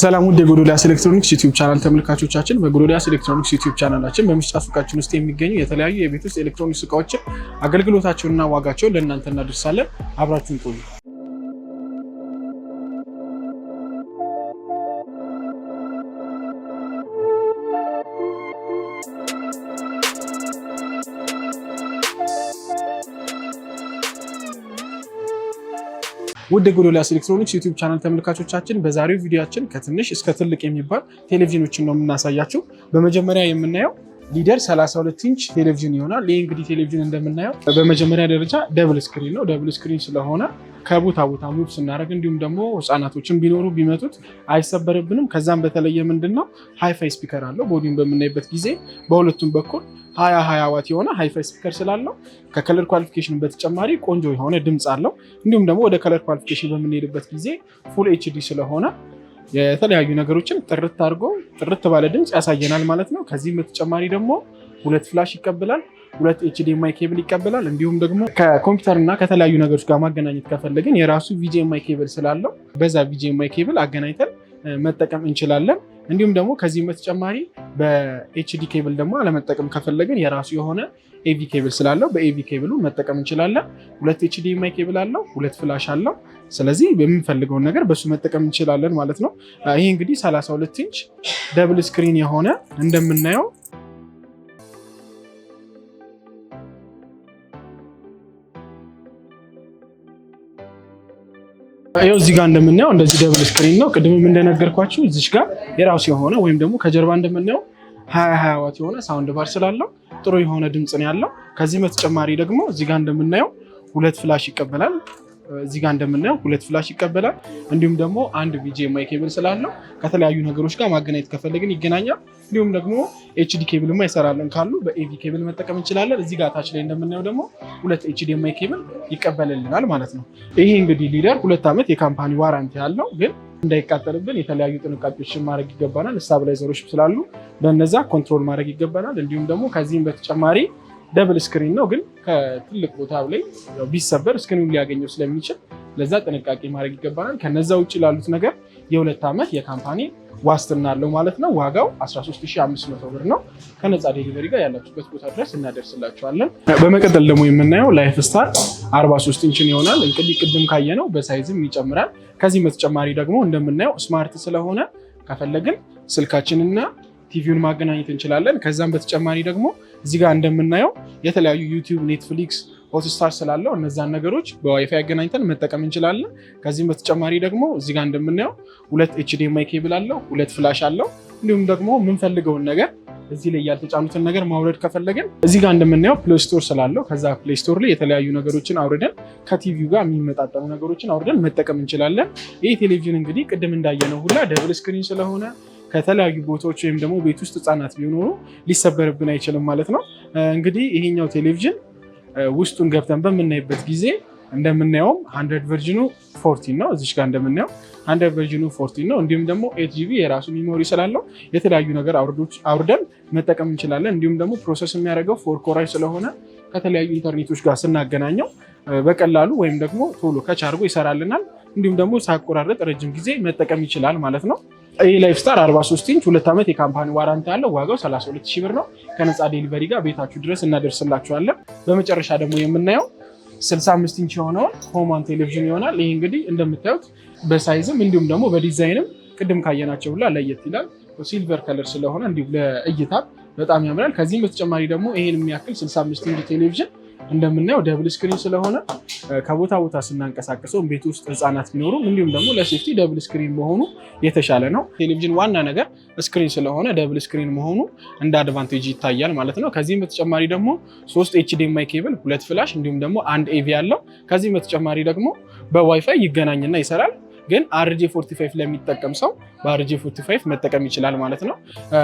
ሰላም ውድ የጎዶልያስ ኤሌክትሮኒክስ ዩቲዩብ ቻናል ተመልካቾቻችን፣ በጎዶልያስ ኤሌክትሮኒክስ ዩቲዩብ ቻናላችን በምርጫ ሱቃችን ውስጥ የሚገኙ የተለያዩ የቤት ውስጥ ኤሌክትሮኒክስ እቃዎችን አገልግሎታቸውንና ዋጋቸውን ለእናንተ እናደርሳለን። አብራችሁን ቆዩ። ውድ ጎዶልያስ ኤሌክትሮኒክስ ዩቲዩብ ቻናል ተመልካቾቻችን በዛሬው ቪዲዮችን ከትንሽ እስከ ትልቅ የሚባል ቴሌቪዥኖችን ነው የምናሳያችሁ። በመጀመሪያ የምናየው ሊደር 32 ኢንች ቴሌቪዥን ይሆናል። ይህ እንግዲህ ቴሌቪዥን እንደምናየው በመጀመሪያ ደረጃ ደብል ስክሪን ነው። ደብል ስክሪን ስለሆነ ከቦታ ቦታ ሙቭ ስናደርግ እንዲሁም ደግሞ ህፃናቶችን ቢኖሩ ቢመቱት አይሰበርብንም። ከዛም በተለየ ምንድን ነው ሃይፋይ ስፒከር አለው። ቦዲውን በምናይበት ጊዜ በሁለቱም በኩል ሀያ ሀያ ዋት የሆነ ሃይፋይ ስፒከር ስላለው ከከለር ኳሊፊኬሽን በተጨማሪ ቆንጆ የሆነ ድምፅ አለው። እንዲሁም ደግሞ ወደ ከለር ኳሊፊኬሽን በምንሄድበት ጊዜ ፉል ኤችዲ ስለሆነ የተለያዩ ነገሮችን ጥርት አድርጎ ጥርት ባለ ድምፅ ያሳየናል ማለት ነው። ከዚህም በተጨማሪ ደግሞ ሁለት ፍላሽ ይቀበላል። ሁለት ኤችዲኤምአይ ኬብል ይቀበላል። እንዲሁም ደግሞ ከኮምፒውተር እና ከተለያዩ ነገሮች ጋር ማገናኘት ከፈለግን የራሱ ቪጂኤምአይ ኬብል ስላለው በዛ ቪጂኤምአይ ኬብል አገናኝተን መጠቀም እንችላለን። እንዲሁም ደግሞ ከዚህም በተጨማሪ በኤችዲ ኬብል ደግሞ አለመጠቀም ከፈለግን የራሱ የሆነ ኤቪ ኬብል ስላለው በኤቪ ኬብሉ መጠቀም እንችላለን። ሁለት ማይ ኬብል አለው፣ ሁለት ፍላሽ አለው። ስለዚህ የምንፈልገውን ነገር በሱ መጠቀም እንችላለን ማለት ነው። ይህ እንግዲህ 32 ኢንች ደብል ስክሪን የሆነ እንደምናየው ይኸው እዚህ ጋር እንደምናየው እንደዚህ ደብል ስክሪን ነው። ቅድምም እንደነገርኳችሁ እዚች ጋር የራሱ የሆነ ወይም ደግሞ ከጀርባ እንደምናየው ሀያ ሀያ ዋት የሆነ ሳውንድ ባር ስላለው ጥሩ የሆነ ድምፅ ነው ያለው። ከዚህ በተጨማሪ ደግሞ እዚህ ጋር እንደምናየው ሁለት ፍላሽ ይቀበላል። እዚህ ጋር እንደምናየው ሁለት ፍላሽ ይቀበላል። እንዲሁም ደግሞ አንድ ቪጂኤምአይ ኬብል ስላለው ከተለያዩ ነገሮች ጋር ማገናኘት ከፈለግን ይገናኛል። እንዲሁም ደግሞ ኤችዲ ማ ይሰራለን ካሉ በኤቪ ኬብል መጠቀም እንችላለን። እዚህ ጋር ታች ላይ እንደምናየው ደግሞ ሁለት ኤችዲኤምአይ ኬብል ይቀበልልናል ማለት ነው። ይሄ እንግዲህ ሊደር ሁለት ዓመት የካምፓኒ ዋራንቲ ያለው ግን እንዳይቃጠልብን የተለያዩ ጥንቃቄዎችን ማድረግ ይገባናል። ስታብላይዘሮች ስላሉ በነዛ ኮንትሮል ማድረግ ይገባናል። እንዲሁም ደግሞ ከዚህም በተጨማሪ ደብል ስክሪን ነው፣ ግን ከትልቅ ቦታ ላይ ቢሰበር ስክሪኑ ሊያገኘው ስለሚችል ለዛ ጥንቃቄ ማድረግ ይገባናል። ከነዛ ውጭ ላሉት ነገር የሁለት ዓመት የካምፓኒ ዋስትና አለው ማለት ነው። ዋጋው 13500 ብር ነው ከነፃ ዴሊቨሪ ጋር ያላችሁበት ቦታ ድረስ እናደርስላችኋለን። በመቀጠል ደግሞ የምናየው ላይፍ ስታር 43 ኢንችን ይሆናል። እንግዲህ ቅድም ካየ ነው በሳይዝም ይጨምራል። ከዚህ በተጨማሪ ደግሞ እንደምናየው ስማርት ስለሆነ ከፈለግን ስልካችንና ቲቪውን ማገናኘት እንችላለን። ከዛም በተጨማሪ ደግሞ እዚህ ጋር እንደምናየው የተለያዩ ዩቲዩብ፣ ኔትፍሊክስ፣ ሆትስታር ስላለው እነዛን ነገሮች በዋይፋይ አገናኝተን መጠቀም እንችላለን። ከዚህም በተጨማሪ ደግሞ እዚህ ጋር እንደምናየው ሁለት ኤችዲኤምአይ ኬብል አለው፣ ሁለት ፍላሽ አለው። እንዲሁም ደግሞ የምንፈልገውን ነገር እዚህ ላይ ያልተጫኑትን ነገር ማውረድ ከፈለግን እዚህ ጋር እንደምናየው ፕሌይ ስቶር ስላለው ከዛ ፕሌይ ስቶር ላይ የተለያዩ ነገሮችን አውርደን ከቲቪው ጋር የሚመጣጠኑ ነገሮችን አውርደን መጠቀም እንችላለን። ይህ ቴሌቪዥን እንግዲህ ቅድም እንዳየነው ሁላ ደብል ስክሪን ስለሆነ ከተለያዩ ቦታዎች ወይም ደግሞ ቤት ውስጥ ህጻናት ቢኖሩ ሊሰበርብን አይችልም ማለት ነው። እንግዲህ ይሄኛው ቴሌቪዥን ውስጡን ገብተን በምናይበት ጊዜ እንደምናየውም ሀንድረድ ቨርጅኑ ፎርቲን ነው። እዚች ጋር እንደምናየው ሀንድረድ ቨርጅኑ ፎርቲን ነው። እንዲሁም ደግሞ ኤት ጂቢ የራሱ ሚሞሪ ስላለው የተለያዩ ነገር አውርደን መጠቀም እንችላለን። እንዲሁም ደግሞ ፕሮሰስ የሚያደርገው ፎር ኮራጅ ስለሆነ ከተለያዩ ኢንተርኔቶች ጋር ስናገናኘው በቀላሉ ወይም ደግሞ ቶሎ ከቻርጎ ይሰራልናል። እንዲሁም ደግሞ ሳቆራረጥ ረጅም ጊዜ መጠቀም ይችላል ማለት ነው። ይህ ላይፍ ስታር 43 ኢንች ሁለት ዓመት የካምፓኒ ዋራንት ያለው ዋጋው 32 ሺህ ብር ነው። ከነፃ ዴሊቨሪ ጋር ቤታችሁ ድረስ እናደርስላችኋለን። በመጨረሻ ደግሞ የምናየው 65 ኢንች የሆነውን ሆማን ቴሌቪዥን ይሆናል። ይህ እንግዲህ እንደምታዩት በሳይዝም እንዲሁም ደግሞ በዲዛይንም ቅድም ካየናቸው ሁላ ለየት ይላል። ሲልቨር ከለር ስለሆነ እንዲሁም ለእይታ በጣም ያምራል። ከዚህም በተጨማሪ ደግሞ ይሄን የሚያክል 65 ኢንች ቴሌቪዥን እንደምናየው ደብል ስክሪን ስለሆነ ከቦታ ቦታ ስናንቀሳቀሰው ቤት ውስጥ ህፃናት ቢኖሩም እንዲሁም ደግሞ ለሴፍቲ ደብል ስክሪን መሆኑ የተሻለ ነው። ቴሌቪዥን ዋና ነገር ስክሪን ስለሆነ ደብል ስክሪን መሆኑ እንደ አድቫንቴጅ ይታያል ማለት ነው። ከዚህም በተጨማሪ ደግሞ ሶስት ኤችዲኤምአይ ኬብል፣ ሁለት ፍላሽ እንዲሁም ደግሞ አንድ ኤቪ ያለው ከዚህም በተጨማሪ ደግሞ በዋይፋይ ይገናኝና ይሰራል። ግን አርጂ 45 ለሚጠቀም ሰው በአርጂ 45 መጠቀም ይችላል ማለት ነው።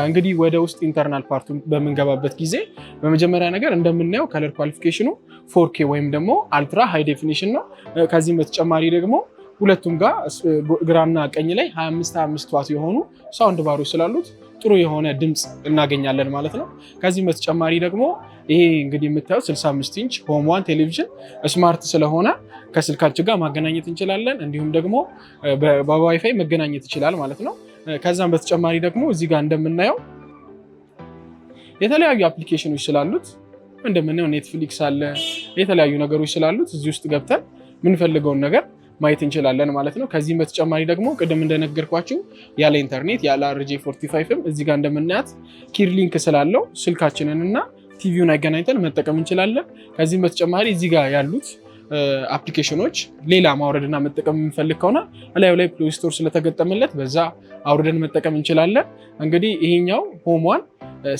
እንግዲህ ወደ ውስጥ ኢንተርናል ፓርቱ በምንገባበት ጊዜ በመጀመሪያ ነገር እንደምናየው ከለር ኳሊፊኬሽኑ ፎርኬ ወይም ደግሞ አልትራ ሃይ ዴፊኒሽን ነው። ከዚህም በተጨማሪ ደግሞ ሁለቱም ጋር ግራና ቀኝ ላይ 25 25 ዋት የሆኑ ሳውንድ ባሮች ስላሉት ጥሩ የሆነ ድምፅ እናገኛለን ማለት ነው። ከዚህም በተጨማሪ ደግሞ ይሄ እንግዲህ የምታዩት 65 ኢንች ሆም ዋን ቴሌቪዥን ስማርት ስለሆነ ከስልካችን ጋር ማገናኘት እንችላለን። እንዲሁም ደግሞ በዋይፋይ መገናኘት ይችላል ማለት ነው። ከዛም በተጨማሪ ደግሞ እዚህ ጋር እንደምናየው የተለያዩ አፕሊኬሽኖች ስላሉት እንደምናየው ኔትፍሊክስ አለ፣ የተለያዩ ነገሮች ስላሉት እዚህ ውስጥ ገብተን የምንፈልገውን ነገር ማየት እንችላለን ማለት ነው። ከዚህም በተጨማሪ ደግሞ ቅድም እንደነገርኳችሁ ያለ ኢንተርኔት ያለ አርጄ ፎርቲ ፋይቭም እዚህ ጋር እንደምናያት ኪድ ሊንክ ስላለው ስልካችንን እና ቲቪውን አገናኝተን መጠቀም እንችላለን። ከዚህም በተጨማሪ እዚህ ጋር ያሉት አፕሊኬሽኖች ሌላ ማውረድና መጠቀም የምንፈልግ ከሆነ እላዩ ላይ ፕሌይ ስቶር ስለተገጠመለት በዛ አውርደን መጠቀም እንችላለን። እንግዲህ ይሄኛው ሆም ዋን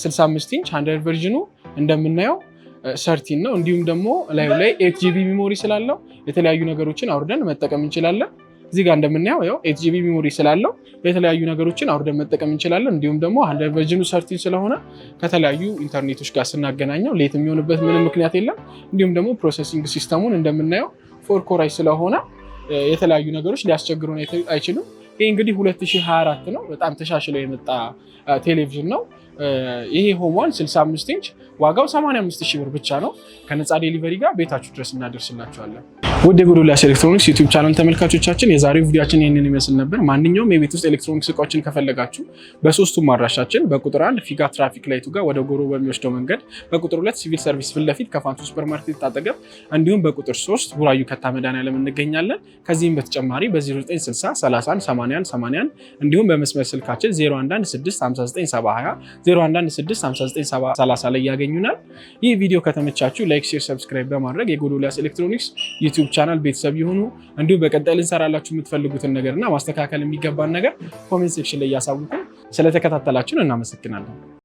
65 ኢንች አንድሮይድ ቨርዥኑ እንደምናየው ሰርቲን ነው። እንዲሁም ደግሞ ላዩ ላይ ኤት ጂቢ ሚሞሪ ስላለው የተለያዩ ነገሮችን አውርደን መጠቀም እንችላለን። እዚህ ጋር እንደምናየው ያው ኤት ጂቢ ሚሞሪ ስላለው የተለያዩ ነገሮችን አውርደን መጠቀም እንችላለን። እንዲሁም ደግሞ ቨርዥኑ ሰርቲን ስለሆነ ከተለያዩ ኢንተርኔቶች ጋር ስናገናኘው ሌት የሚሆንበት ምንም ምክንያት የለም። እንዲሁም ደግሞ ፕሮሰሲንግ ሲስተሙን እንደምናየው ፎር ኮራይ ስለሆነ የተለያዩ ነገሮች ሊያስቸግሩን አይችሉም። ይህ እንግዲህ 2024 ነው። በጣም ተሻሽለው የመጣ ቴሌቪዥን ነው። ይሄ ሆሟል 65 ኢንች ዋጋው 85 ሺህ ብር ብቻ ነው። ከነፃ ዴሊቨሪ ጋር ቤታችሁ ድረስ እናደርስላችኋለን። ውድ የጎዶልያስ ኤሌክትሮኒክስ ዩቲዩብ ቻናል ተመልካቾቻችን የዛሬው ቪዲዮችን ይህንን ይመስል ነበር። ማንኛውም የቤት ውስጥ ኤሌክትሮኒክስ እቃዎችን ከፈለጋችሁ በሶስቱም አድራሻችን በቁጥር አንድ ፊጋ ትራፊክ ላይቱ ጋር ወደ ጎሮ በሚወስደው መንገድ፣ በቁጥር ሁለት ሲቪል ሰርቪስ ፊት ለፊት ከፋንቱ ሱፐርማርኬት አጠገብ እንዲሁም በቁጥር ሶስት ቡራዩ ከታ መድኃኒዓለም እንገኛለን። ከዚህም በተጨማሪ በ0960 31 81 81 እንዲሁም በመስመር ስልካችን 0116597020 ላይ ያገኙናል። ይህ ቪዲዮ ከተመቻችሁ ላይክ፣ ሼር፣ ሰብስክራይብ በማድረግ የጎዶልያስ ኤሌክትሮኒክስ ዩቲዩብ የዩቲዩብ ቻናል ቤተሰብ ይሁኑ። እንዲሁም በቀጣይ ልንሰራላችሁ የምትፈልጉትን ነገር እና ማስተካከል የሚገባን ነገር ኮሜንት ሴክሽን ላይ እያሳውቁ ስለተከታተላችሁን እናመሰግናለን።